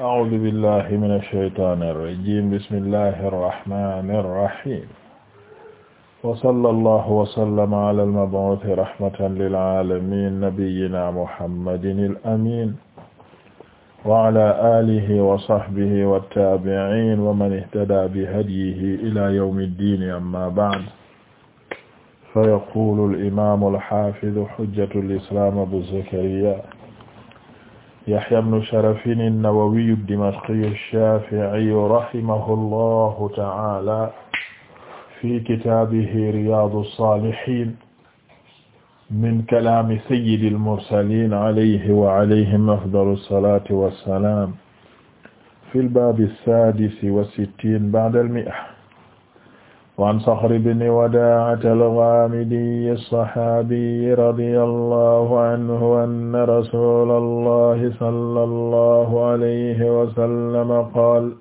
أعوذ بالله من الشيطان الرجيم بسم الله الرحمن الرحيم وصلى الله وسلم على المبعوث رحمة للعالمين نبينا محمد الأمين وعلى آله وصحبه والتابعين ومن اهتدى بهديه إلى يوم الدين أما بعد فيقول الإمام الحافظ حجة الإسلام أبو زكريا Yahya ibn Sharafin an-Nawawi ad-Dimashqi ash-Shafi'i rahimahullahu ta'ala fi kitaabihi Riyaadu as-Saalihiin min kalaami sayyidi al-mursaliin alayhi wa alayhim afdalu as-salaatu was-salaam fil baabi as-saadisi wa sittiin ba'da al-mi'a waan Saxr ibn Wadaa'a al-Ghaamidi as-Saxaabi radiyallahu anhu anna rasuulallahi sallallahu alayhi wa sallam qaala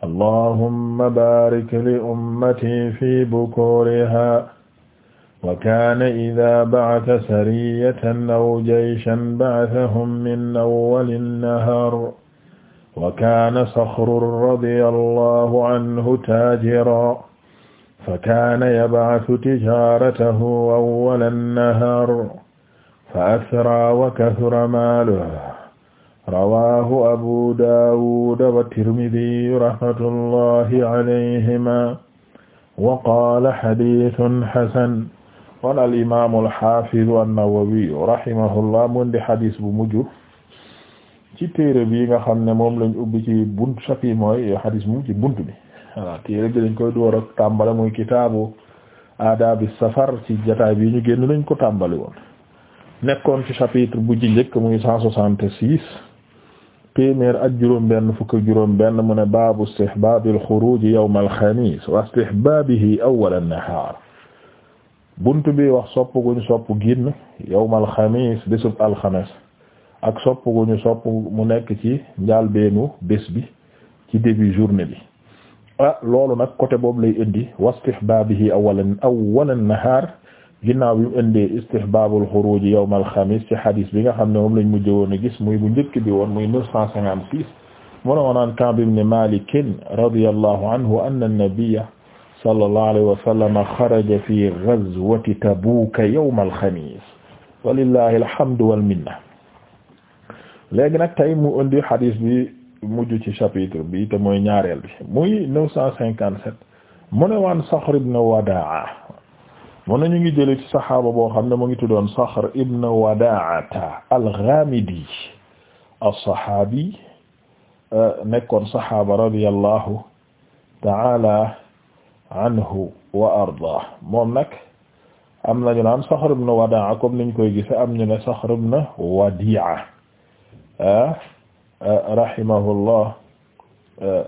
allahumma baarik li ummatii fi bukuurihaa wa kaana idaa ba'atha sariyatan aw jayshan ba'athahum min awwali an-nahaar wa kaana Saxrun radiyallahu anhu taajiran fa kaana yab'athu tijaaratahu awwala an-nahaar fa asraa wa kathura maaluhu rawaahu abu daawud wa tirmidhi rahmatullahi alayhimaa wa qaala hadiithun hasan qaala al-imaam al-haafiz an-nawawi rahimahullah mu indi hadiis bu mujj ci téere bi nga xam ne moom lañ ubbi ci bunt safi mooy hadiis mu ci bunt bi voilà téere gi dañ koy door ak tàmbale muy kitaabu aadaabi safar ci jataay bi ñu génn nañ ko tàmbali woon nekkoon ci chapitre bu ji njëkk muy cent soixante-six téeméer ak juróom benn fukk ak juróom benn mu ne baabu istihbaabi alxuruuj yawma alxamiis wa istihbaabihi awwal an-nahaar bunt bi wax sopp guñ sopp génn yawma alxamiis bésub alxames ak sopp guñu sopp mu nekk ci njalbeenu bés bi ci début journée bi ah loolu nag côté boobu lay indi wastihbaabihi awalan awalan nahaar ginnaaw bi mu indee istihbaabul xuruuj yawmal xamiis ci xadiis bi nga xam ne moom lañ mujj woon a gis muy bu njëkk bi woon muy 956 mu ne woonaan Kaab ibn Maalik radiyallahu anhu anna nabiyya sallallahu alayhi wa sallam xaraja fi gazwati Tabuuk yawmal xamiis walillaahil hamdu wal minna léegi nag tey mu indi xadiis bi. mujj ci chapitre bi te mooy ñaareel bi muy neuf cent cinquante-sept mu ne waan Saxr ibn Wadaa mu ne ñu ngi jële ci saxaaba boo xam ne mu ngi tu doon tuddoon Saxr ibn Wadaata al-Ghamidi as-saxaabi euh, nekkoon saxaaba radiyallahu ta'ala anhu wa ardaa moom nag am nañu naan Saxr ibn Wadaa comme niñ koy gise am ñu ne Saxr ibn Wadi'a euh, rahimahullah uh,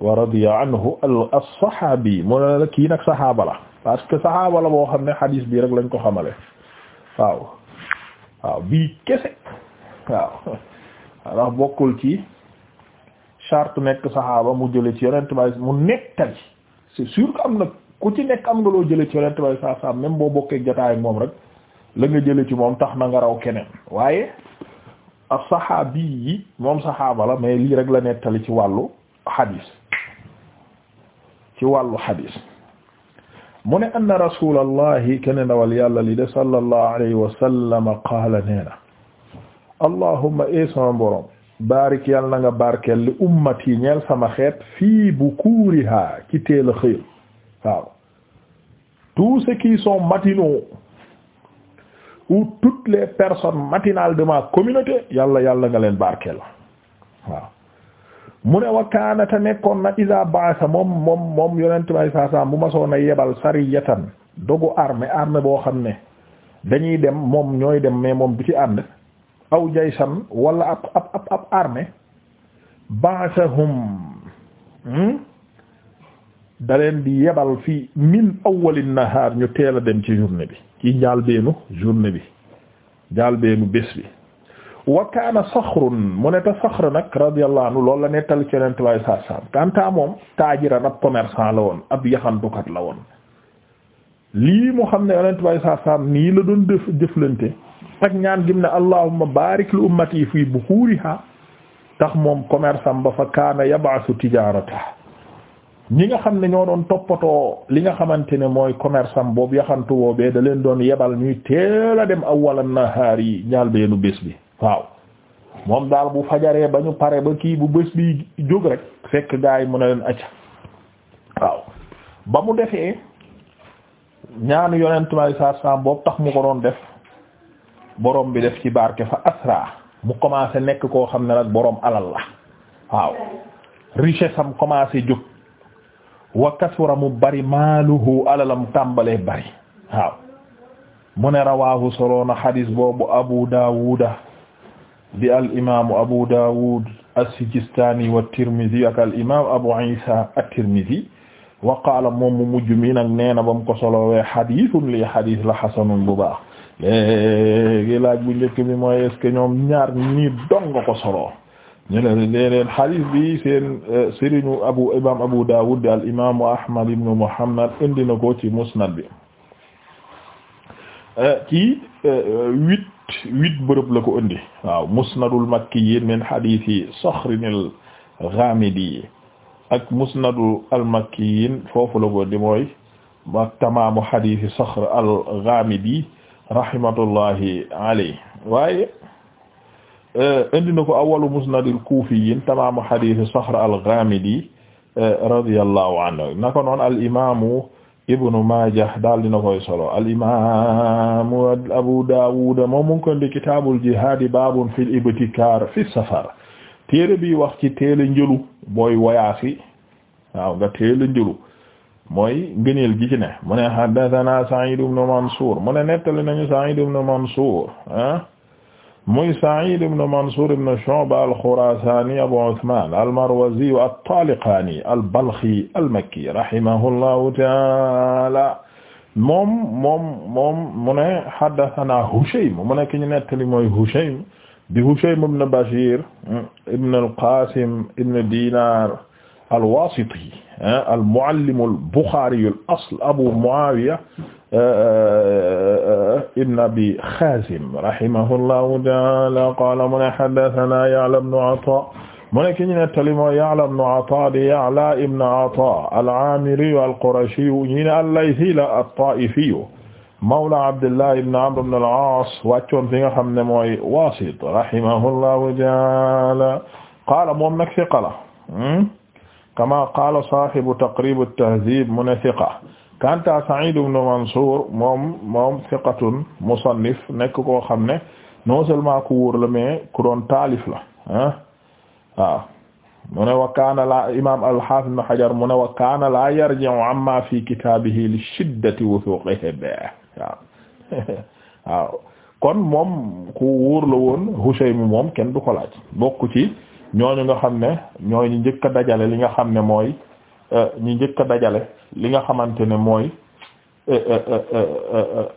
wa radiya anhu as-saxaabi mu ne la kii nag saxaaba la parce que saxaaba la boo xam ne xadiis bii rek lañ ko xamale waaw waaw bii kese waaw ndax bokkul ci charte nekk saxaaba mu jële ci yonent bay mu nettali c'est sûr que am na ku ci nekk am nga loo jële ci yonent bay saa saa même boo bokkee jotaay moom rek la nga jële ci moom tax na nga raw keneen waaye ab saxaabi yi moom saxaaba la mais lii rek la nettali ci wàllu xadiis ci wàllu xadiis mu ne anna rasulallahi kene ndawal yàlla li de sallallahu alayhi wa sallam qaala nee na allahumma e sama borom barik yàlla na nga barkeel li ummati ñeel sama xeet fii bukuuriha ci teel a xëyal waaw tous ceux qui sont matinaux ou toutes les personnes matinales de ma communauté yàlla yàlla nga leen barkeel waaw mu ne wa kaanata nekkoon na isa baasa moom moom moom yonent may saasaam bu ma soon a yebal sariyatan dogu armée armée boo xam ne dañuy dem moom ñooy dem mais moom du ci ànd aw jaysan wala ab ab ab ab armée baasahum hmm? da leen di yebal fi min awwalin nahar ñu teel a dem ci journée bi ci njaalbeenu journée bi njaalbeenu bés bi wa kaana saxrun mu ne te saxr nag radiyallahu anhu loolu la nettali conent waayu saa saam moom taajiran ab commerçant la woon ab yaxantukat la woon lii mu xam ne yonent bay saa saam nii la doon def jëflante ak ñaan gim ne allahumma barik li ummati fii buxuuriha tax moom commerçant ba fa kaana yab'asu tijaarata ñi nga xam ne ñoo doon toppatoo li nga xamante ne mooy commerce am boobu yaxantu boobee da leen doon yebal ñuy teel a dem awwalan nahaar yi ñaal beenu bés bi waaw moom daal bu fajaree ba ñu pare ba kii bu bés bi jóg rek fekk gaa yi mu ne leen acca waaw ba mu defee ñaanu yonent may saar saam boobu tax mu ko doon def boroom bi def ci barke fa asra mu commencé nekk koo xam ne nag borom alal la waaw richesse am commencé jóg wa kasura mu bari maaluhu alalam tàmbalee bari waaw mu ne rawaahu soloona xadis boobu Abu Daawuda di al imaamu Abu Daawud as-Sijistaani wa Tirmidi Abu Iisa at wa qaala moom mu mujj mi nag nee na ba mu ko solowee xadiisun lii xadis la xasanun bu baax laaj bu njëkk bi mooy est-ce ñoom ñaar ñii dong ko solo ñu ne déedéet hadith bi seen euh, sëriñu abu imam abu dawud al imaamu ahmad ibnu muhammad indi na ko ci musnad bi euh, ci euh, huit huit bërëb la ko indi waaw musnadul makkiyin min hadithi saxrinil ghamidi ak musnadu al makkiyin foofu la di mooy ak tamaamu hadithi saxr al ghamidi rahmatullahi alayhi waaye Euh, indi na ko awalu musnadil kuufiyiin tamaamu hadiisi Saxr al-Ghamidi euh, radiyallahu anhu naka noonu al imaamu Ibnu Maajah daal dina koy solo al imaamu Abu Daawud moom mu ngi koy indi kitaabul jihaad baabun fil ibtikaar fi safar téere bi wax ci teel a njëlu booy wayaasi waaw nga teel a njëlu mooy ngëneel gi ci ne mu ne haddasanaa Sa'iid ibnu Mansuur mu ne nettali nañu Sa'iid ibnu Mansuur ah. muy Sa'id ibn Mansur ibn Shu'ba al-Khurasani Abu Uthman al-Marwazi at-Taliqani al-Balkhi al-Makki rahimahullahu ta'ala moom moom moom mu ne haddathana Hushaym mu ne ki ñu nettali mooy Hushaym di Hushaym ibn Bashir hmm, ibn al-Qasim ibn Dinar al-Wasiti eh, al-Muallim al-Bukhari al-asl Abu Muawiya ibn abi Xaazim rahimahullahu taala qaala mu ne haddasanaa Ya'la ibn Ataa mu ne ki ñu nettali moo Ya'la ibn Ataa di Ya'la ibn Ataa al-Aamiri al-Qurashi ñi ne al-Laythi at-Taa'ifi mawla Abdullah ibn Amr ibn al-Aas wàccoon fi nga xam ne mooy Waasit rahimahullahu taala qaala moom nag siqa la hmm? kamaa qaala saahibu Taqrib at-Tahdhib mu ne siqa kanta Sa'id ibn Mansur moom moom thiqatun musannif nekk koo xam ne non seulement ku wóor la ku doon taalif la ah waaw mu ne wa kaana la imam Hajar mu ne wa kaana la yarji'u amma fi kitabihi li shiddati wuthuqihi waaw kon moom ku wóor la woon Hushaym moom kenn du ko laaj bokk ci ñooñu nga xam ne ñooñu njëkk dajale li nga xam ne mooy Euh, ñi njëkk a dajale li nga xamante ne mooy euh, euh,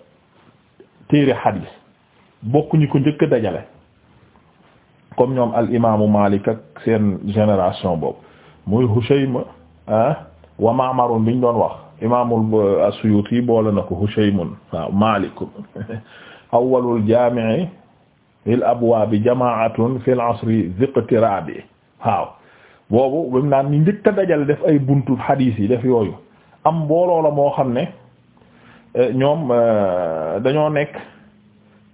téere xadiis bokk ñi ko njëkk dajale kom ñoom al imaamu Maalik ak seen génération boobu muy Hushayma ah wa Ma'marun biñ doon wax imaamul As-Suyuti boole na ko Hushaymun waaw Maalik awwalul jaami'i lil abwaabi jamaa'atun fil asri ziqtirabi waaw boobu ba mu naan ñu njëkk a dajal def ay buntu xadiis yi def yooyu am mbooloo la moo xam ne eh, ñoom eh, dañoo nekk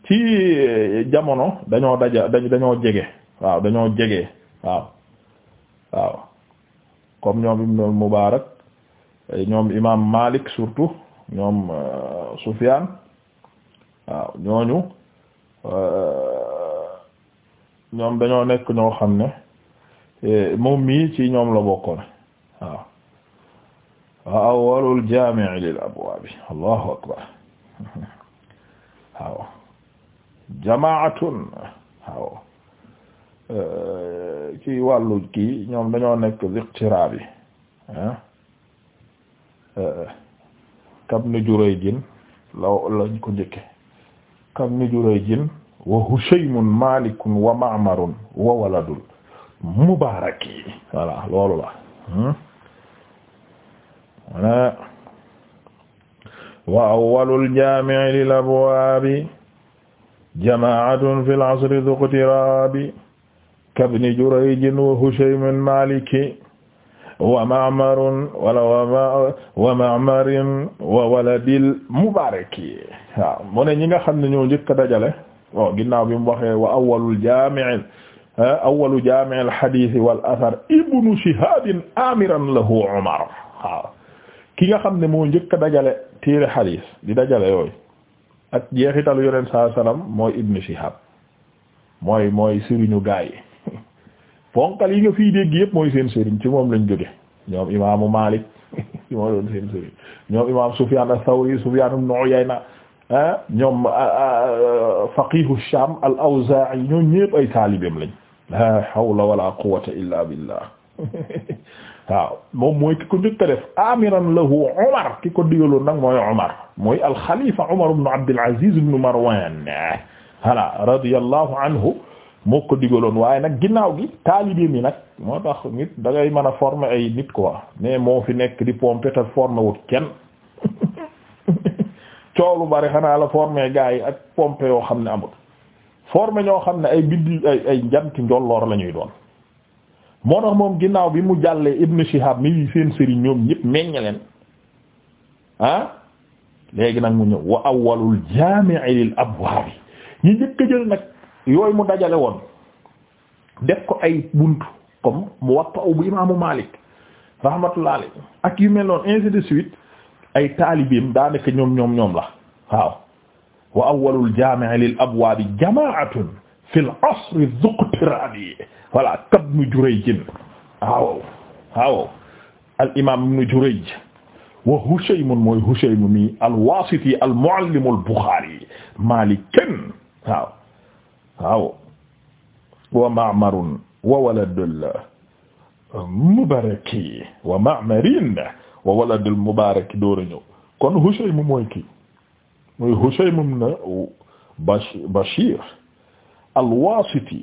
ci eh, jamono dañoo daja dañoo jege waaw dañoo jege waaw waaw ñoom Ibn Mubarak ñoom imam Malik surtout ñoom Sufyan waaw ñooñu ñoom dañoo nekk ñoo xam ne. Eh, moom mii ci ñoom la bokkoon waaw wa awwalul jaami' lil abwaab allahu akbar waaw jamaatun waaw eh, ci wàllu kii ñoom dañoo nekk iqtiraabi eh? kabni Jurayjin law lañ ko njëkke kabni Jurayjin wa Hushaymun Malikun wa Ma'marun wa waladun mubaarak yi voilà loolu la wala hmm? wa awwalul jaami'i lil abwaabi jamaa'atun fil asri dhuqtiraabi kabni jurayjin wa hushaymin maliki wa ma'marun wala wa ma'marin wa waladil mubaaraki waaw mu ne ñi nga xam ne ñoo njëkk a dajale waaw ginnaaw bi mu waxee wa awwalul jaami'i awwalu jaami' al-hadiis wal athar ibnu Shihaab aamiran lahu Umar ki nga xam ne moo njëkk a dajale téere hadiis di dajale yooyu ak jeexital yonent saa salaam mooy ibnu Shihaab mooy mooy sëriñu gaa yi ponkal yi fii dégg yëpp mooy seen sëriñ ci moom lañ jóge ñoom imaamu Maalik moo doon seen sëriñ ñoom imaam Sufyaan as-Sawri Sufyaan ibnu Uyayna ah, ñoom ah, ah, faqiihu Shaam al-Awzaa'i ñoom ñëpp ay taalibeem lañ la hawla wala quwwata illa billah waaw moom mooy ki ko njëkk a def amiran lahu Umar ki ko digaloon nag mooy Umar mooy alxalifa Umar ibn Abdul Aziz ibn Marwan voilà radiyallahu moo ko digaloon waaye nag ginnaaw gi taalibe mi nag moo tax nit da ngay mën a former ay nit quoi mais moo fi nekk di pomper te former wut bari xanaa la former ak pomper yoo xam ne amut forme ñoo xam ne ay biddi ay ay njanti njolloor la ñuy doon moo tax moom ginnaaw bi mu jàllee Ibn Shihab mi seen sëriñ ñoom ñëpp meññ leen ah léegi nag mu ñëw wa awwalul jaami'i lil abwaab ñi njëkk a nag yooyu mu dajale woon def ko ay bunt comme Muwatta bu imaamu Maalik rahmatullah alayhi ak yu mel noonu ainsi de suite ay taalibeem daanaka ñoom ñoom ñoom la waaw. wa awwalul jaami'i lil abwaabi jamaa'atun fil asri zuqtiraani voilà kabnu Jurayj waaw waaw al imaam ibnu Jurayj wa Hushaym mooy Hushaym mi al-Waasiti al-mu'allim al-Bukhaari Maalikin waaw waaw wa Ma'marun wa waladul Mubaaraki wa Ma'marin wa waladul Mubaaraki door a ñëw kon Hushaym mooy kii muy Hushaym ibn Bashir al-Wasiti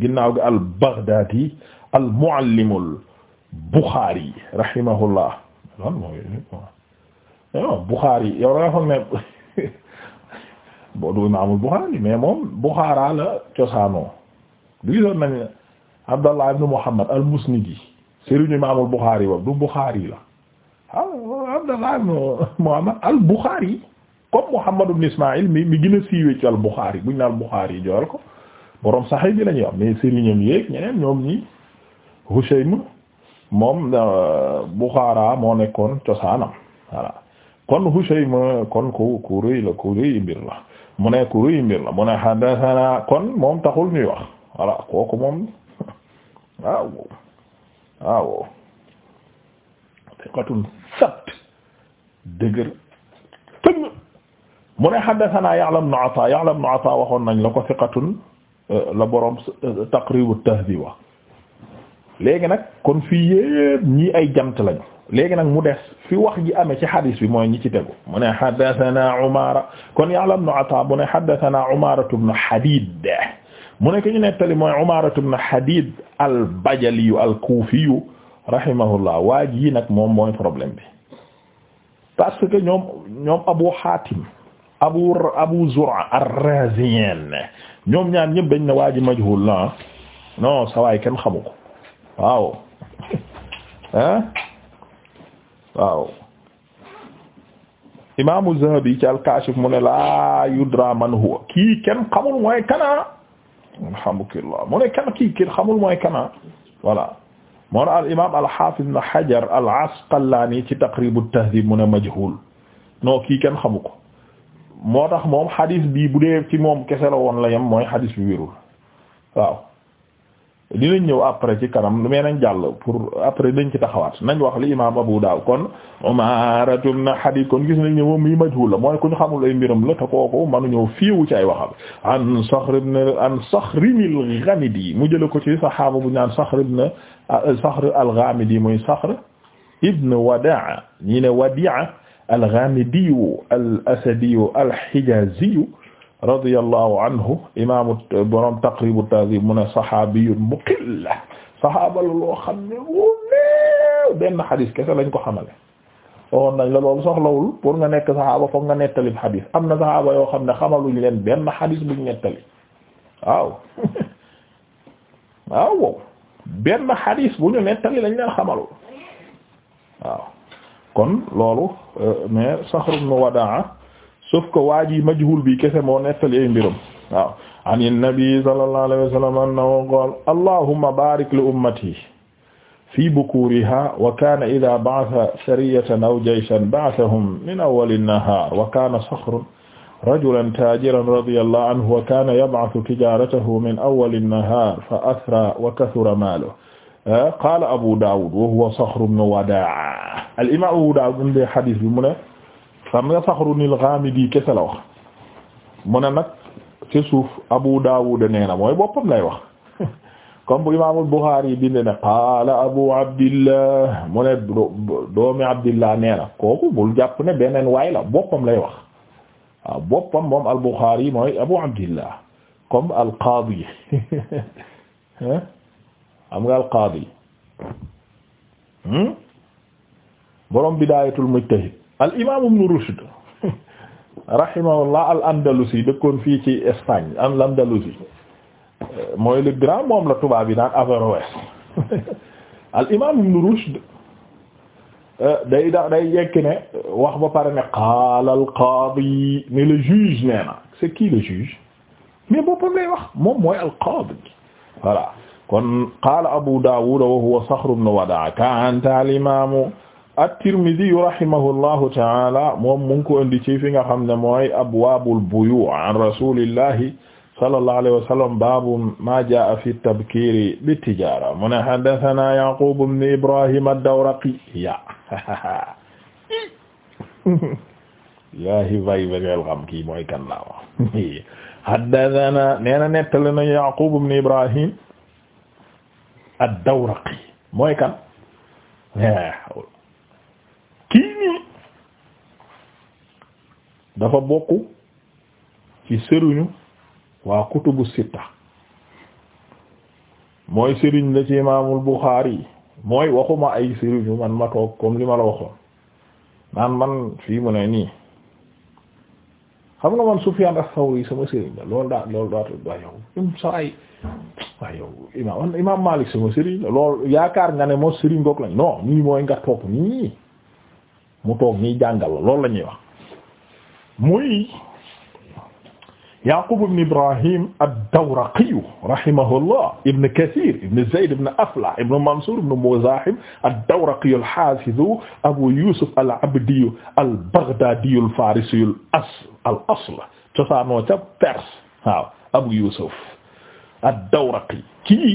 ginnaaw gi al-Baghdadi al-Muallim al-Bukhari rahimahullah lan mooy eh, non la cosaanoo du gisoon nañ Abdallah ibn Muhammad al-Musnidi sëriñu imaamul Bukhari boobu la ah comme Muhammad ibn Ismaïl mi mi gën a siiwee ci al-Bukhari buñ naan al-Bukhari yi joxal ko borom Sahih bi la ñuy wax mais sëriñam yeeg ñeneen ñoom ñi Hushaym moom euh, Bukhara moo nekkoon cosaanam voilà kon Hushaym kon ku ku la ku rëy mbir la mu ne ku kon moom taxul ñuy wax voilà kooku moom waaw waaw thiqatun sabt dëgër mu ne haddathana Ya'la ibn Ata Ya'la ibn Ata waxoon nañ la ko thiqatun euh, la borom euh, Taqrib at-Tahdhib wax léegi nag kon fii yépp ñii ay jant lañu léegi nag mu des fi wax ji amee ci hadis bi mooy ñi ci tegu mu ne haddathana Umara kon Ya'la ibn Ata mu ne haddathana Umara ibn Hadid mu ne ki ñu nettali mooy Umara ibn Hadid al-Bajali al-Kufi rahimahullah waa ji nag moom mooy problème bi parce que ñoom ñoom Abu Hatim abu abu zur'a ar ñoom ñaar ñëpp dañ ne waa ji majhul la non kenn xamu ko imaamu zahabi ci al mu ne laa yudra man huwa kii xamul mooy kana alhamdulillah mu ne kenn kii xamul mooy kana voilà moo al imaam al-hafiz ibn hajar al-asqalani ci taqrib at-tahdhib mu ne majhul non kii kenn xamu ko moo tax moom xadis bii bu dee ci moom kese la woon la yem mooy xadis bi wérul waaw dinañ ñëw après ci kanam lu mee nañ jàll pour après dañ ci taxawaat nañ wax li imam Abu daaw kon umaratum na hadith kon gis nañ ne moom mi majhul la mooy ku ñu xamul ay mbiram la te kooku manu ñëw fiiwu ci ay waxal an Saxr ibn an Saxr al-Ghamidi mu jële ko ci sahaaba bu ñaan Saxr ibn Saxr al-Ghamidi muy Saxr ibn Wadaa ñi ne Wadia al-Ghamidi al-Asadi al-Hijazi radiyallahu anhu imaamu borom Taqrib at mu ne saxaabi muqill saxaaba la loo xam ne wóoleew benn xadis kese lañ ko xamale waxoon nañ la loolu soxlawul pour nga nekk saxaaba foog nga nettali xadis am na saxaaba yoo xam ne xamaluñ leen benn xadis buñ nettali waaw waaw benn xadis bu ñu nettali lañ leen xamalul waaw. kon loolu euh, mais Saxr ibn Wadaa sauf que waa ji majhul bi kese moo nettali ay mbiram waaw an nabi sallallahu alayhi wa sallam annahu qaala allahumma barik li ummati fi bukuriha wa kana idha ba'atha sariyatan aw jayshan ba'athahum min awwali an-nahar wa kana Saxr rajulan tajiran radiyallahu anhu wa kana yab'athu tijaratahu min awwali an-nahar fa athra wa kathura maaluhu Eh, qaala Abu Daawud wa huwa Saxru bnu Wadaa al-imaam Abu Daawud mu ne xadiis bi mu ne xam nga Saxru nil Gaamidi kese la wax mu ne nag ci suuf Abu Daawud nee na mooy boppam lay wax comme bu imaamul Buxaari yi binde ne qaala Abu Abdillah mu ne doomi Abdillah nee na kooku bul jàpp ne beneen waay la boppam lay wax waaw ah, boppam moom al-Buxaari mooy Abu Abdillah comme al-Qaadi eh? am nga al qaadi hmm? borom bidaayatul mujtahid al imaam ibn rushd rahimahullah al andalusi dëkkoon fii ci Espagne al andalusi mooy le grand moom la tubaab yi naan Averroès al imaam ibn rushd eh, day da day yekk ne wax ba pare ne qaala al qaadi ne le juge nee na c'est qui le juge mais boppam lay wax moom mooy al qaadi voilà kon qaala Abu Dawud wa huwa Saxr ibn Wadaa kaanta al-imaamu at-Tirmidhi rahimahullahu ta'ala moom mu ngi ko indi ci fi nga xam ne mooy abwaabul buyu' an rasuulillahi sallallahu alayhi wa sallam baabu maa jaa'a fi at-tabkiiri bit-tijaara mu ne haddathanaa Yaquub ibn Ibraahiim ad-Dawraqi ya yaahi vay bagel xam kii mooy kan laa wax haddathanaa nee na nettali na Yaquub ibn Ibraahiim ad mooy kan kii nii dafa bokk ci sëriñu waa kutubu sitta mooy sëriñ la ci imaamul Buxaari mooy waxuma ay sëriñu man ma toog comme li ma la waxoon naan man fii mu ne nii xam nga man Sufyaan as-Sawri sama sëriñ la loolu daa loolu daa waaye yow im saay waaye yow imaam imaam Maalik sama sëriñ la loolu yaakaar nga ne moo sëriñ goog lañ non nii mooy nga toog nii mu toog nii jàngal la loolu lañuy ñuy wax muy Yaqub ibn Ibrahim ad-Dawraqi rahimahullah ibn Kathir ibn Zayd ibn Aflah ibn Mansur ibn Muzahim ad-Dawraqi al-Hafiz Abu Yusuf al-Abdi al-Baghdadi al-Farisi al-asl al-asl cosaanoo ca Perse waaw Abu Yusuf ad-Dawraqi kii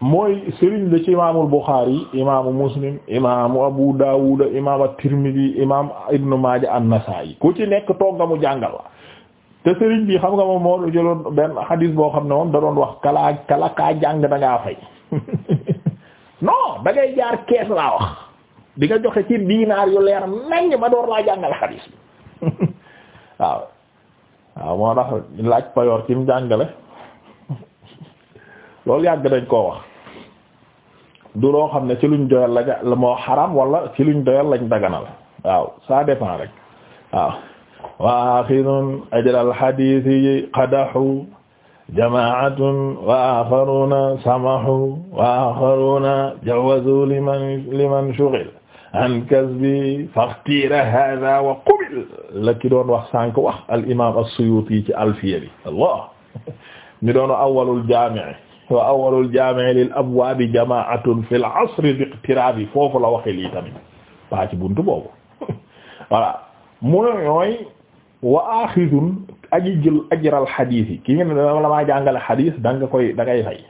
mooy sëriñ la ci imaamul Bukhari imaamu Muslim imaamu Abu Dawud imaamu Tirmidhi imaam Ibn Maaja an-Nasaa'i ku ci nekk toog mu jàngal la te sëriñ bi xam nga moom moo jëloon benn hadis boo xam ne moom da wax kalaa kala kaa jàng da ngaa fay non da ngay jaar kees laa wax di joxe ci diinaar yu leer naññ ba door laa jàngal hadis waaw waaw moo tax laaj payoor ci mu jàngale loolu yàgg dañ koo wax du loo xam ne ci luñ doyal la moo xaram wala ci luñ doyal lañ daganal waaw ça dépend rek waaw wa axirun ajral xadiisi qadaxu jamaatun wa axaruna samahu wa axaruna jawazu liman liman shughil an kasbi faxtiira hada wa qubil la ki doon wax sànq wax al imam as-Suyuti ci alfiya bi allah mi doon awwalul jaami' waa awwalul jaami' lil abwaabi jamaa'atun fil asri bi iqtiraabi foofu la waxee lii tamit ba ci buntu boobu voilà mu ne ñooy wa axidun aji jël ajral xadiis yi ki nga ne dama la maa jàngale xadiis da koy dangay ngay fay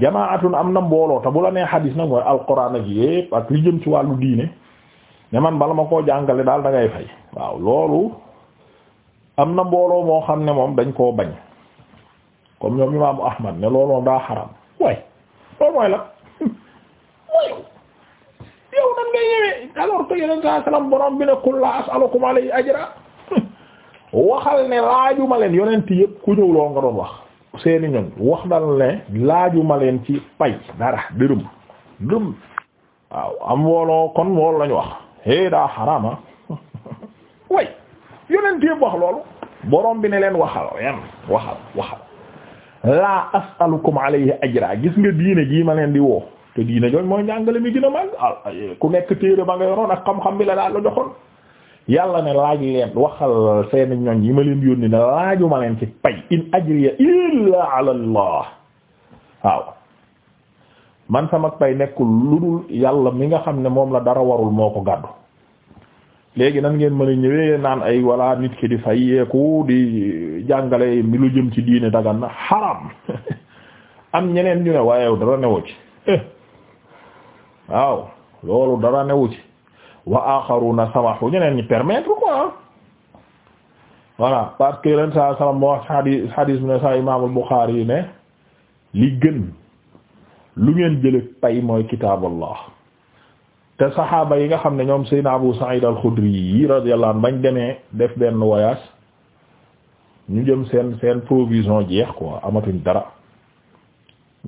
jamaatun am na mbooloo te bu la nee xadiis nag mooy alquran ak yépp ak li jëm ci wàllu diine ne man bala ma koo jàngale daal dangay ngay fay waaw loolu am na mbooloo moo xam ne moom dañ koo bañ comme ñoom imaamu Ahmad ne loolu moom daa xaram waaye loolu mooy la mooy yow nan ngay ñëwee alors que yeneen saa salaam borom bi ne qul laa as'alukum alayhi ajra waxal ne laajuma leen yonent yëpp ku ñëw loo nga doon wax seeni ñoñ wax dal ne laajuma leen ci pay dara dërëm dërëm waaw am wooloo kon wool lañu wax hee daa xaraama ah. way yonent yëpp wax loolu borom bi ne leen waxal leen waxal waxal laa asalukum alayhi ajra gis nga diine jii ma leen di woo te diine jooñ mooy njàngale mi gën a màgg ah, ku nekk téere ba nga yoroon ak xam-xam bi la daal la joxoon yàlla ne laaj leen waxal seen ñoñ yi ma leen yónni ne laaju ma leen ci pay in ajriya illa ala allah waaw man sama pay nekkul lu dul yàlla mi nga xam ne moom la dara warul moo ko gàddu léegi nan ngeen mën a ñëwee naan ay walla nit ki di fayeeku di jàngale mi lu jëm ci diine dagana na am ñeneen ñu ne waaye dara newu ci eh. waaw loolu dara newu ci wa axaruna samahu ñeneen ñi permettre quoi voilà parce que leen sa salam moo wax hadis hadis ne sa imaamul Buxaari yi ne li gën lu ngeen jële pay mooy kitaabullah te saxaaba yi nga xam ne ñoom Seydina Abu Sa'id al-Khudri yi radiyallahu anhu bañ demee def benn voyage ñu jëm seen seen provision jeex ko amatuñ dara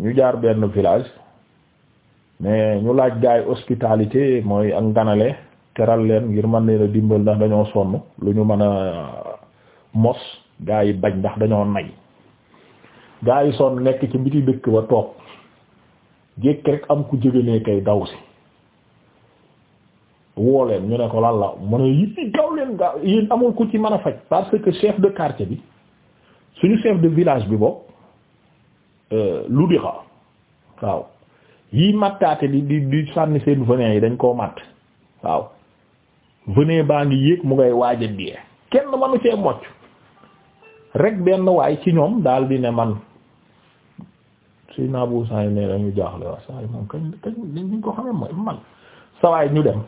ñu jaar benn village mais ñu laaj gaay hospitalité mooy ak nganale teral leen ngir mën leen a dimbal ndax dañoo sonn lu ñu mën a mos gaay yi bañ ndax dañoo nay gaay yi sonn nekk ci biti dëkk ba toog jékk rek am ku jóge kay daw si woo ñu ne ko lan la mu ne yi gaaw leen gaaw yéen amul ku ci mën a faj parce que chef de quartier bi suñu chef de village bi bopp euh, lu di xa waaw yi mattaate di di di sànni seen venin yi dañ koo matt waaw venin baa ngi yéeg mu ngay waaja die kenn manu cee mocc rek benn waay ci ñoom daal di ne man suy naa bu saa yi ne dañu jaaxle waaw saa yi moom kañ kañ ñu ko xamee man sawaay ñu dem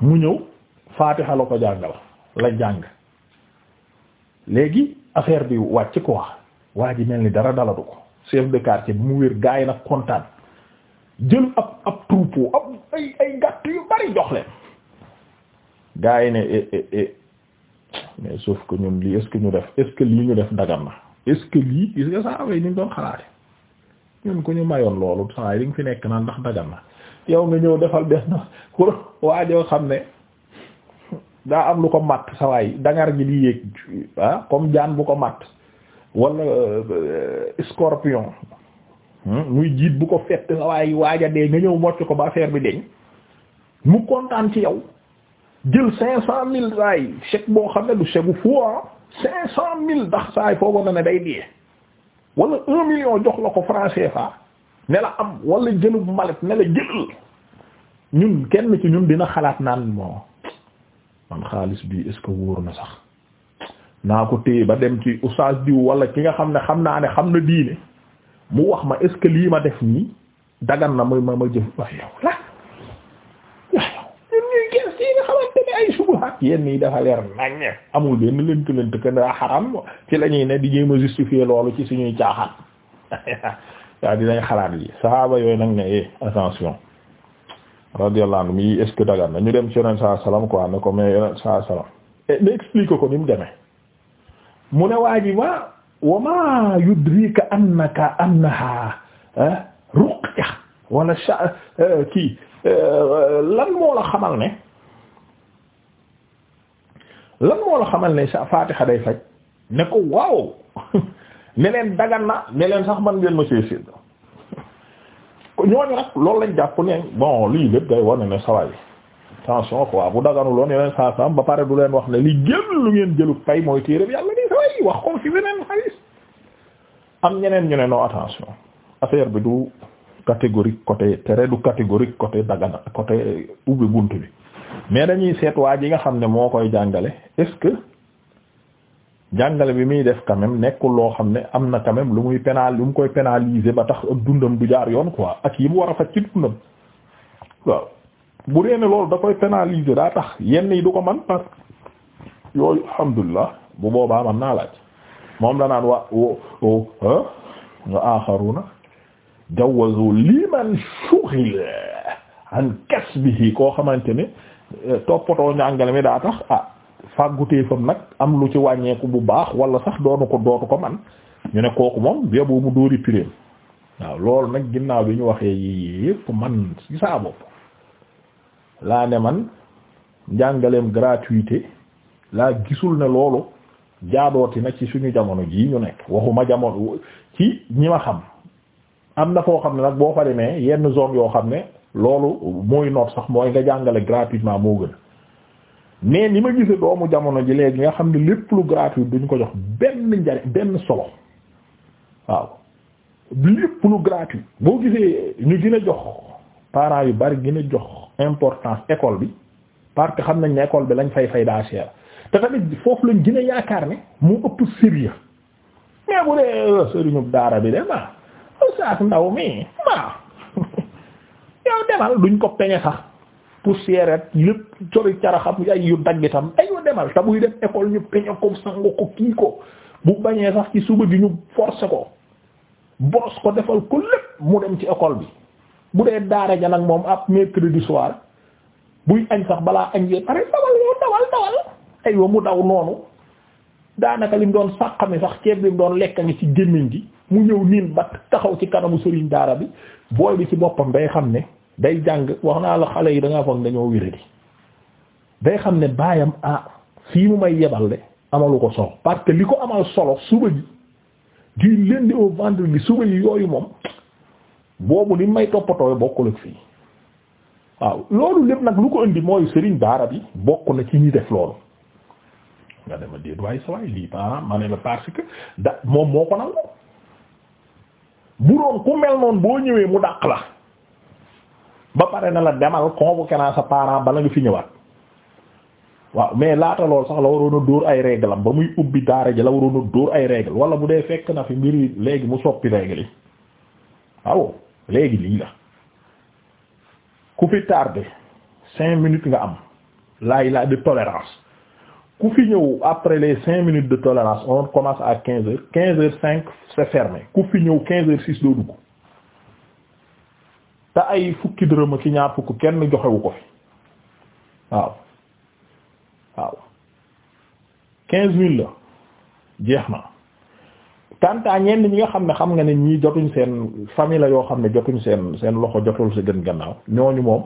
mu ñëw faatiha la ko jàngal la jàng léegi affaire bi wàcc ko wax waa ji mel ni dara daladu ko chef de quartier bi mu wér gaa yi nag kontaan jël ab ab troupeau ab ay gàtt yu bari jox leen yi ne eh, eh, eh, mais sauf que ñun lii est ñu def est lii ñu def dagan na est-ce que lii gis nga saa wey ni doon xalaate ñun ko ñu mayoon loolu saa yi li nga fi nekk naan ndax dagan na yow nga ñëw defal benn pour waajoo xam ne daa am lu ko matt sawaay dangar gi di yéeg ah comme jaan bu ko matt wala euh, scorpion hmm? muy jiit bu ko fett sawaay waaja dee nga ñëw mocc ko ba affaire bi deñ mu kontaan ci yow jël cinq cent mille saay chèque boo xam ne du chèque bu fou ah cinq cent mille ndax saay foogoon na ne day dee wala un million jox la ko franc CFA ne la am wala jëlub malet ne la jël ñun kenn ci ñun dina xalaat naan moo man xaalis bi est-ce wóor na sax naa ko téye ba dem ci oustaz diw wala ki nga xam ne xam naa ne xam na diine mu wax ma est-ce que lii ma def nii dagan na muy ma ma jëf waaye yow la waaw ñun ñuy gers yi nga xamante ne ay subuhaat yenn yi dafa leer naññe amul benn lënt lënt que ne xaram ci la ñuy ne di jéem a justifier loolu ci suñuy caaxaan yaa dinañ xalaat yi saxaaba yooyu nag ne eh attention radiyallahu anhu mi est que dagan na ñu dem ci yonent saa salaam quoi ne ko mais yonent saa salaam. et nga ko ni mu demee mu ne waa ji ma wa maa yudrika annaka annaha eh, ruqya wala sha eh, kii eh, lan moo la xamal ne lan moo la xamal ne sa Faatiha day faj ne ko waaw. ne leen dagan na ne sax man ngeen monsieur Sine ñooñu nag loolu lañ jàpp ne bon lii lépp day wane ne sawaay tension quoi bu daganu loon yeneen saa saam ba pare du leen wax ne li gën lu ngeen jëlu pay mooy téere bi yàlla di sawaay wax ko ci beneen am ñeneen ñu ne non attention affaire bi du catégorique côté tere du catégorique côté dagana côté ubbi bunt bi mais dañuy seet waa ji nga xam ne moo koy jàngale est-ce que. jàngale bi muy def quand nekkul loo xam ne am na quand lu muy pénal lu mu koy pénaliser ba tax ak dundam du jaar yoon quoi ak yi mu war a faj ci dundam waaw bu dee loolu da koy pénaliser daa tax yenn yi du ko man parce yooyu alhamdulilah bu boobaa man naa laaj moom danaan wa wa axaruna jawazu liman shughila an kasbihi koo xamante ne eh, toppatoo njàngale mi daa tax ah, fàgguteefam nag am lu ci wàññeeku bu baax wala sax doonu ko dootu ko man ñu ne kooku moom yóbbu mu dóori pireem waaw loolu nag ginnaaw bi ñu waxee yii yépp man ci saa bopp laa ne man njàngaleem gratuité laa gisul ne loolu jaadooti na ci suñu jamono jii ñu nekk waxuma jamono ci ñi ma xam am na foo xam ne nag boo fa demee yenn zone yoo xam ne loolu mooy noot sax mooy nga jàngale gratuitement moo gën mais ni ma gise doomu jamono ji léegi nga xam ne lépp lu gratuit duñ ko jox benn njariñ benn solo waaw lépp lu gratuit boo gisee ñu gën a jox parents yu bari gën a jox importance école bi parce que xam nañ ne école bi lañ fay fay daa cher te tamit foofu lañ gën a yaakaar ne mu ëpp sérieux mais bu dee euh, sëriñu daara bi de ma saak ndaw mi ma yow demal duñ ko peñe sax poussière ak lépp cori caraxam ay yu daggitam aywa demal te buy dem école ñu peña ko sangu ko kii ko bu bañee sax ci suba gi ñu forcé ko boros ko defal ko lépp mu dem ci école bi bu dee daara ja nag moom ab mercredi soir buy añ sax balaa añ yee pare dawal yow dawal dawal aywa mu daw noonu daanaka lim doon sàqami sax ceeb lim doon lekk ngi ci gémmiñ gi mu ñëw niin ba taxaw ci kanamu sëriñ daara bi booy bi ci boppam day xam ne day jàng wax naa la xale yi da ngaa foog dañoo wéradi day xam ne baayam ah fii mu may yebal de amalu ko solo parce que li ko amal solo suba ji du lundi au vendredi suba ji yooyu moom boobu li may toppatoo bokkul la fii waaw loolu lépp nag lu ko indi mooy sëriñ daara bi bokk na ci ñi def loolu nga dema déet waaye sa waay lii ba ma ne la parce que da moom moo ko nangu bu doon ku mel noonu boo ñëwee mu dàq la ba pare na la demal convoqué naa sa parent bala nga fi ñëwaat waaw mais laata lool sax la waroon a dóor ay règle am ba muy ubbi daara ji la waroon a dóor ay règle wala bu dee fekk na fi mbir yi léegi mu soppi règle yi waaw léegi lii la ku fi tardé cinq minutes nga am laay laay de tolérance ku fi ñëw après les cinq minutes de tolérance on commence à quinze heures quinze heures cinq c'est fermé ku fi ñëw quinze heures six doo dugg te ay fukki dërëm ki ñaar fukk kenn joxewu ko fi waaw waaw quinze mille la jeex na kanta ñenn ñi nga xam ne xam nga ne ñii jotuñ seen famille la yoo xam ne jotuñ seen seen loxo jotul sa gën gannaaw ñooñu moom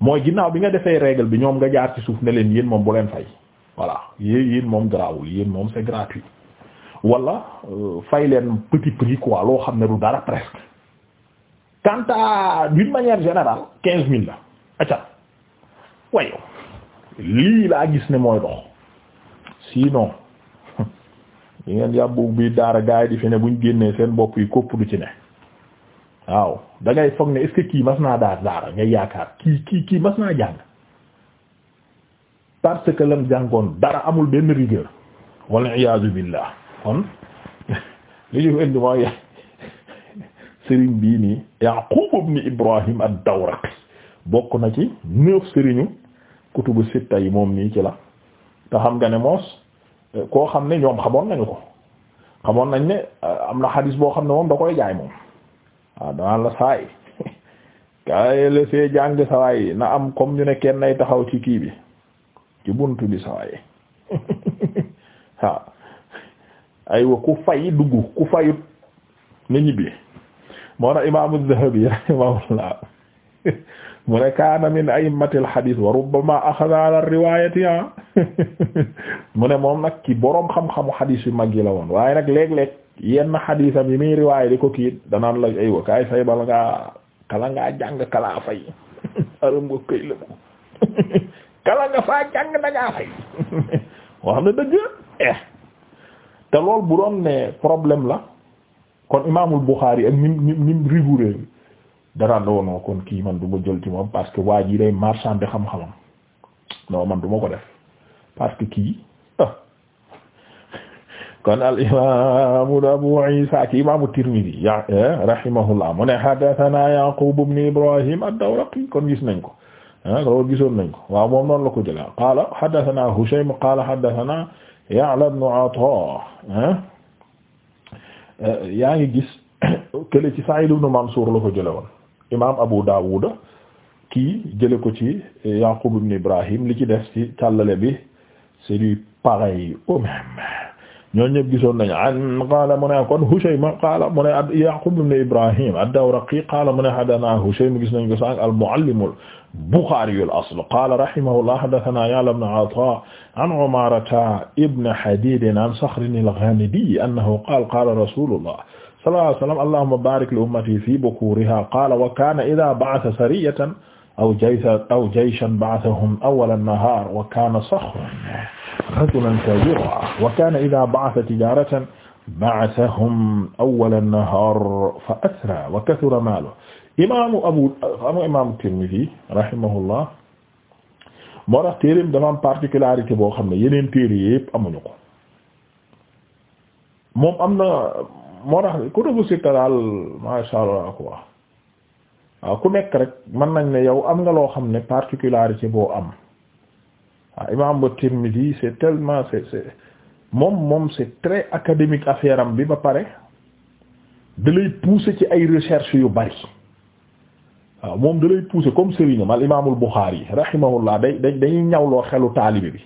mooy ginnaaw bi nga defee règle bi ñoom nga jaar ci suuf ne leen yéen moom bu leen fay voilà yéen yéen moom garaawul yéen moom c'est gratuit wala euh, fay leen petit prix quoi loo xam ne du dara presque quant à d'une manière générale quinze mille la acca wayo lii laa gis ne mooy dox sinon yi ngeen yàbbu bi daara gaay di fi ne buñ génnee seen bopp yi kopp du ci ne waaw dangay ngay foog ne est que kii mas naa daar daara ngay yaakaar kii kii kii mas naa jàng parce que lam jàngoon dara amul benn rigueur wal iyaazu billah kon li ñu indi sëriñ bii nii Yaqub ibn Ibrahim ad-Dawraqi bokk na ci neuf sëriñu kutubu sitta yi moom nii ci la te xam nga ne moos koo xam ne ñoom xamoon nañu ko xamoon nañ ne euh, am na xadis boo xam ne moom da koy jaay moom waaw ah, danaan la saay kaay la see jàng sawaay na am comme ñu ne kenn ay taxaw ci kii bi ci buntu bi sawaay waaw aywa ku fay dugg ku fayut na ñibbi moo na imaamu Dhahabi mu ne kaana min a'immatil hadith wa rubbama akhadha ala riwayati ah. mu ne moom nag ki boroom xam-xamu hadith yu mag yi la woon waaye nag léeg-léeg yenn haditham yi muy riwaaya di ko kii danaan la aywa kaay fay bala ngaa kala ngaa jàng kalaa fay aram nga këy la kala nga faa jàng dangaa fay woo ne dëgg eh te lool bu doon ne problème la kon imaamul Buxaari ak nim nim nim rigoureux dara doonoo kon kii man du jël ci moom parce que waa ji day marchand bi xam-xamam non man du ko def parce que kii ah. kon al imaam Abu Isa ki imaamu Tirmidi ya eh, rahimahullah mu ne haddathana Yaqub ibn Ibrahim ad-Dawraqi kon gis nañ ko ah, loolu gisoon nañ ko waaw moom noonu la ko jëlee qaala haddathana Hushaym qaala haddathana Ya'la ibn ah. Euh, yaa ngi gis kële ci Sa'id ibn Mansur la ko jële woon imaam Abu Dawud kii jële ko ci Yaqub ibn Ibrahim li ci def ci càllale bi c'est du pareil au même ñoo ñëpp gisoon nañu an qaala mu ne ah kon Hushayma qaala mu ne Yaqub ibn Ibrahim ad-Dawraqi qaala mu ne haddathana Hushayma gis nañ ko sànq al-muallim al-Bukhari al-asl qaala rahimahullah haddathana Ya'la ibn Ata an Umarata ibn Hadid an Sakhr al-Ghamidi annahu qaala qaala rasulullah sallallahu alayhi wa sallam allahumma barik li ummati fi bukuriha qaala wa kana idha ba'atha sariyatan aw jaysa aw jayshan ba'athahum awwala an-nahaar wa kaana saxran rajulan tajiran wa kaana idhaa ba'atha tijaaratan ba'athahum awwala an-nahaar fa athraa wa kathura maaluhu imaamu abu amu imaamu Tirmidhi rahimahullah moo tax téereem dafa am particularité boo xam ne yeneen téere yépp amuñu ko moom am na moo tax ku dugg ci talaal masha Allah quoi waaw ku nekk rek mën nañ ne yow am nga loo xam ne particularité boo am waaw imam ba Tirmidhi c'est tellement c'est c'est moom moom c'est très académique affaire bi ba pare da lay ci ay recherche yu bari waaw moom da lay pousser comme sëriñam al imaamul Bukhari rahimahullah day day dañuy ñawloo xelu taalibe bi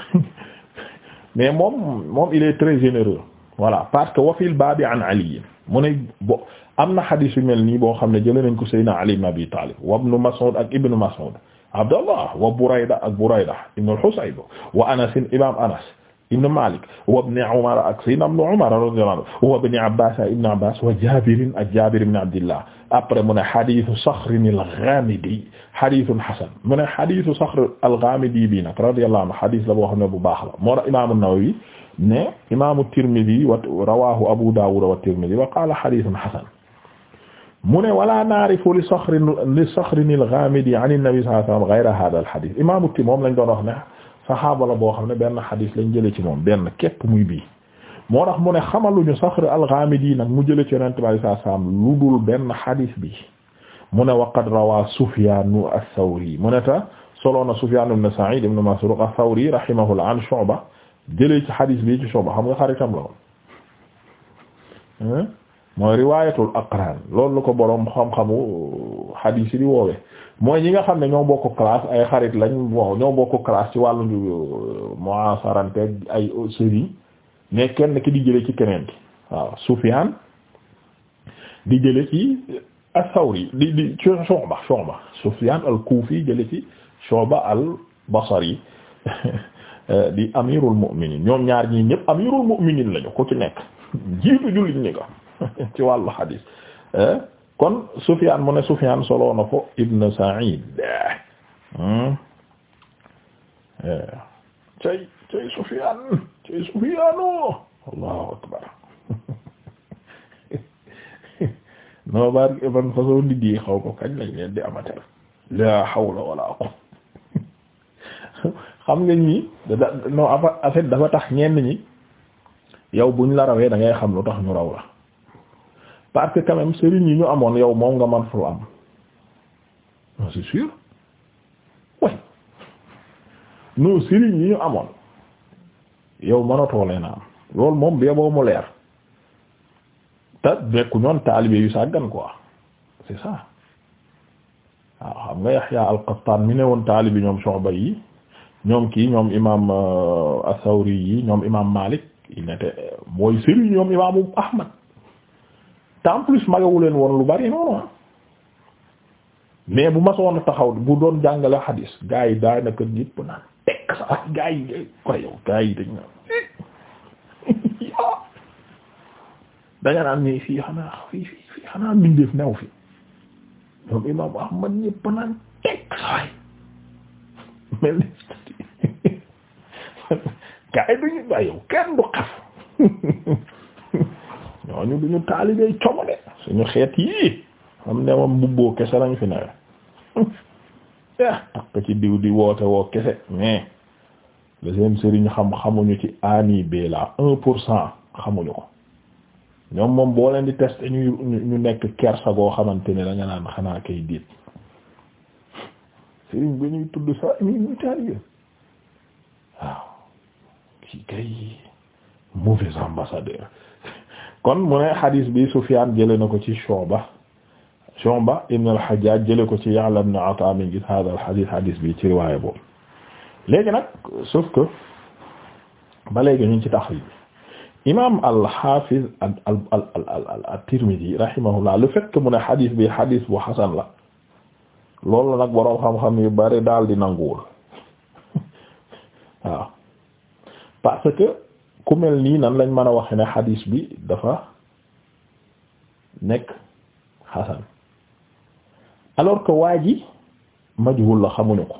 mais moom moom il est très généreux voilà parce que wa fil baabi an ali mu ne bo am na xadiis yu mel nii boo xam ne jëlee nañ ko Seydina Ali ibn Abi Talib wa ibn Mas'ud ak ibn Mas'ud Abdallah wa Burayda ak Burayda ibn al-Husayb wa Anas imam Anas ibn Malik wa ibn Umar ak Seydina ibn Umar radiyallahu anhu wa ibn Abbas ibn Abbas wa Jabir ak Jabir ibn Abdillah après mu ne xadiisu Saxr al-Ghamidi xadiisun hasan mu ne xadiisu Saxr al-Ghamidi bi nag radiyallahu anhu xadiis la boo xam ne bu baax la moo tax Imam an-Nawawi ne imaamu Tirmidhi wa rawaahu Abu Dawud wa Tirmidhi wa qaala hadiisun hasan mu ne wala naarifu li saxri li saxrin al-ghaamidi an an-nabi sallallahu alayhi wa sallam ghayra haadha al-hadiis imaamu Tirmidhi moom lañ doon wax ne saxaaba la boo xam ne benn xadis lañ jëlee ci moom benn képp muy bii moo tax mu ne xamaluñu Saxr al-Ghaamidi nag mu jëlee ci Yonent bi sallallahu alayhi wa sallam lu dul benn xadis bi mu ne waqad rawaa Sufyaanu as-Sawri mu ne ta soloona Sufyaan ibn Sa'iid ibn Masruuq as-Sawri rahimahullah an Shu'ba jëlee ci xadis bi ci soba xam nga xaritam la woon loolu la ko boroom xam-xamu xadis yi di woowee mooy ñi nga xam ne ñoo bokk classe ay xarit lañu bon ñoo bokk classe ci wàllu muasarante ay série mais kenn ki di jëlee ci keneen ki waaw Sufyaan di jële ci as-Sawri di di Shu'ba Shu'ba Sufyaan al-Kufi jële ci Shu'ba al-Basri Euh, di amirul mu'minin ñoom ñaar ñii ñëpp amirul mu'minin lañu ku ci nekk jiitu jullit ñi nga ci wàllu hadis euh, kon Sufyaan mu ne Sufyaan solo na fo Ibn Sa'id hmm? euh, cay cay Sufyaan cay Sufyaanu Allahu akbar no bar ban façon liggéey xaw ko kañ lañ leen di amatel la hawla wala quwwata xam nga ñii da non dafa tax ñenn ñi yow buñ la rawee da ngay xam lu tax ñu raw la parce que quand même yi ñu amoon yow moom nga man fu am non c'est sûr amoon yow mënatoo leen a am loolu moom bee mu leer te nekku ñoon taalibe yu sàggan quoi c'est ça waaw xam nga Yahya al-Qattan mi ne woon taalibe ñoom Shu'ba yi ñoom kii ñoom imam euh, as yi ñoom imam Malik il Ahmad te en plus magawu woon lu bari noonu ah. mais bu ma soon taxaw bu doon jàngale xadiis gaa yi daay naka yëpp naan tekk sa yi ko yow gaa yi dañ naan danga naan fii xanaa fii fii xanaa mbindeef new fi ñoom imaamu Ahmad ñëpp naan tekk saay gaa yi duñu ba kenn du xef ñooñu duñu taalibey como de suñu xeet yii am ne moom mbubboo kese lañ fi nawe eh, takk ci diw di woote woo kese mais le seen sëriñ xam xamuñu ci ani bee la un pour cent xamuñu ko ñoom moom boo leen di tester ñu ñu nekk kersa goo xamante ne danga naan xanaa kay diit sëriñ bi ñuy tudd sa ñu ñu taalibe waaw kii kay mauvais kon mu ne hadis bi Sufyan jële na ko ci Shuba Shuba ibn al-Hajjaj jële ko ci Ya'la ibn Ata min gis hada al bi ci riwaaya bool léegi nag sauf que ba léegi ci taxrij bi imam al-Hafiz at-Tirmidhi rahimahullah le fait que mu ne hadis bi hadis bu hasan la loolu nag boroom xam-xam yu bari daal di nanguwul waaw parce que ku mel nii nan lañ mën a wax ne xadiis bi dafa nekk xasan alors que waa ji majhul la xamuñu ko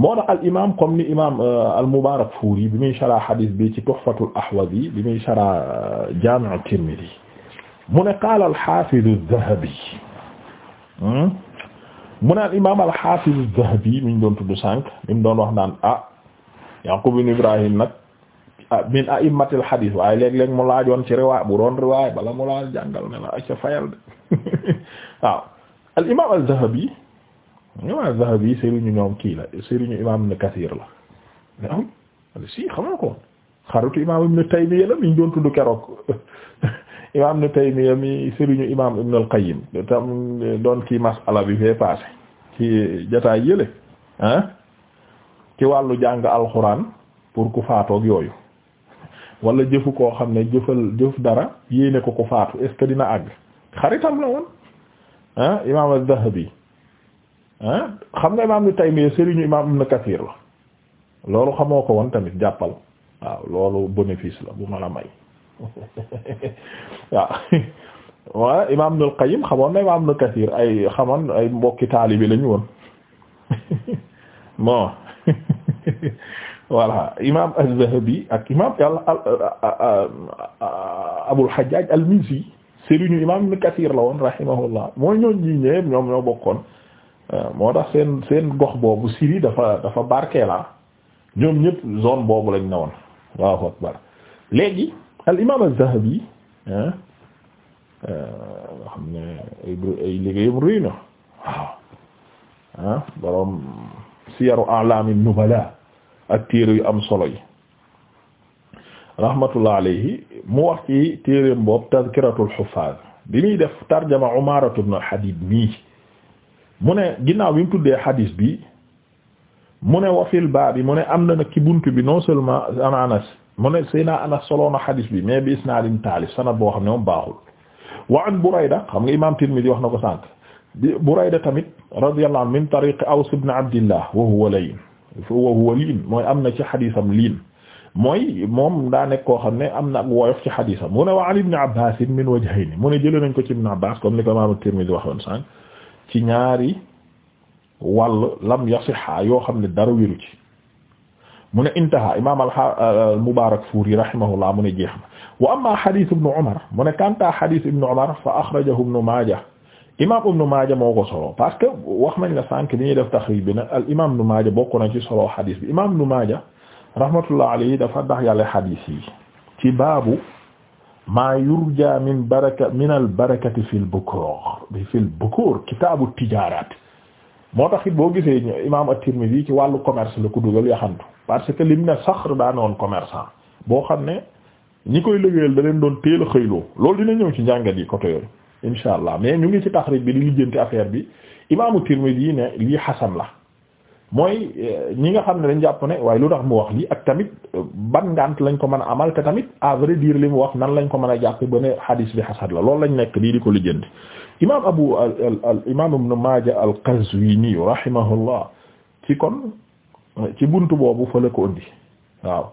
moo al imam comme ni imam euh, al Mubarak Fuuri bi muy shara xadiis bi ci Tuhfatul Ahwazi bi muy shara euh, Jaami' Tirmidi mu ne qaala al xaafiz az-Zahabi hmm? mu ne al imam al xaafiz az-Zahabi mi ñu doon tudd sànq mi wax naan ah Yaqub ibn Ibrahim nag ah, min a'immatil hadith waaye léeg-léeg mu laajoon ci riwaay bu doon riwaay bala mu laa jàngal ne la acca de waaw al imam az-Zahabi imam ñoom kii la imam Ibn Kathir la mais am si xamoo ko xaritu imam Ibn Taymiyya la mi ñu doon tudd imam Ibn al-Qayyim tam doon masala bi fee passé ci jotaay yële ah ci wàllu jàng alxuraan pour ku faatoog yooyu wala jëfu koo xam ne jëfal jëf dara yéene ko ku faatu est ce que dina àgg xaritam la woon ah imaam az-Zahabi ah xam nga imaam Ibn Taymiyya sëriñu imaam Ibn Kathir la loolu xamoo ko woon tamit jàppal waaw loolu bénéfice la bu ma la may waaw waaw imaam Ibn al xamoon na imaam Ibn Kathir ay xamoon ay mbokki taalibe lañu woon bon. voilà imaam az-Zahabi ak imaam euh, euh, Abul Hajjaj al-Mizzi sëriñu imaam Ibn Kathir la woon mooy ñooñ ñi ñëpp ñoom ñoo bokkoon euh, moo tax seen seen gox boobu Syrie dafa dafa barkeela ah. ñoom ñëpp zone boobu lañ na woon Allahu akbar léegi al imaam az-Zahabi hein ah borom siyaru a'lamin nubala ak téere yu am solo yi rahmatullah alayhi mu wax ci téereem boobu tazkiratul huffaz bi muy def tarjama umaratu ibn hadid mii ne ginnaaw bi mu tuddee hadis bi mu ne wafil baabi mu ne am na nag ci bunt bi non seulement an anas mu ne sayna anas soloona hadis bi mais bi isnaadin taalif sanad boo xam ne baaxul wa an Burayda xam nga imam Tirmidhi wax na ko sànq Burayda tamit radiyallahu anhu min tariqi Aws ibn Abdillah wa huwa layin wa huwa liin mooy am na ci xadisam liin mooy moom daa nekk koo xam ne am na ak woyof ci xadisam mu ne wa an ibn Abbaas min wajhayni mu ne jëlee nañ ko ci ibn Abbaas comme ni ko imaam Tirmidhi waxoon sànq ci ñaari wàll lam yasiha yoo xam ne dara wéru ci mu ne intaha imaam al-Mubaarakfuuri rahimahullah mu ne jeex na wa amma ibn Umar mu ne kanta xadiis ibn Umar fa axrajahu ibn Maajah imaam Ibnu Maaja moo ko solo parce que wax nañ la sànq bi ñuy def taxriij bi nag al imaam Ibnu Maaja bokk na ci solo xadis bi imaam Ibnu Maaja rahmatullah alayhi dafa dax yàlla xadis yi ci baabu maa yurja min baraka min al barakati fil bukuur fil bukuur kitaabu tijaaraat moo tax it boo gisee imaam at-Tirmidhi ci wàllu commerce la ko dugal yaxantu parce que lim ne Saxr daan woon commerçant boo xam ne ñi koy liggéeyal da leen doon teel a xëyloo loolu dina ñëw ci njàngat yi côté insha allah mais ñu ngi ci taxrij bi di lijjanti affaire bi imaamu yii ne lii xasan la mooy euh, ñi nga xam ne dañ jàpp ne waaye lu tax mu wax lii ak tamit euh, ban ngant lañ ko mën a amal tamit à vrai li mu wax nan lañ ko mën a jàpp ba ne hadis bi xasan la loolu lañ nekk lii di ko lijjanti imaam abu al imaam ibn Maaja al Qazwini rahimahullah ci kon euh, ci bunt boobu fa la ko indi waaw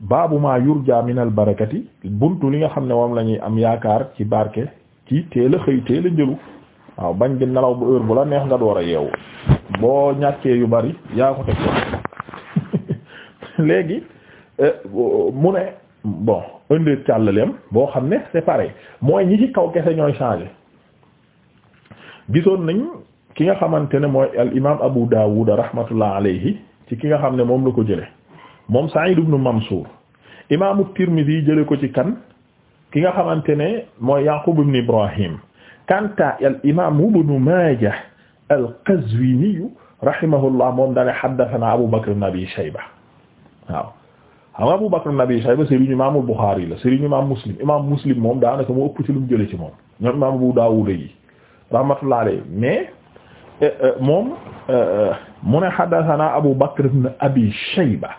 baabu ma yurja min al barakati buntu li nga xam ne moom la ñuy am yaakaar ci barke ci teel a xëy teel a njëlu waaw bañ di nelaw bu heure bu la neex nga door a yeewu boo ñàkkee yu bari yaa ko teg léegi euh, mu ne bon indi càllaleem boo xam ne c'est mooy ñi ci kaw kese ñooy changer gisoon nañ ki nga xamante ne mooy al imaam Abu Dawud rahmatullah alayhi ci ki nga xam ne moom la ko jële moom saa Sa'id ibn Mansour imaamu Tirmidhi jële ko ci kan ki nga xamante ne mooy Yaqub ibn Ibrahim kanta al imam ibn Majah al Qazwini rahimahullah moom dane haddathana Abu Bakr ibn Abi Shayba waaw xam Abu Bakr ibn Abi Shayba sëriñ imam la sëriñ moom daanaka moo ëpp ci lu mu moom ñoom imam Abu Dawud yi rahmatullah alayhi mais euh, euh, moom euh, mu ne haddathana Abu Bakr ibn Abi Shayba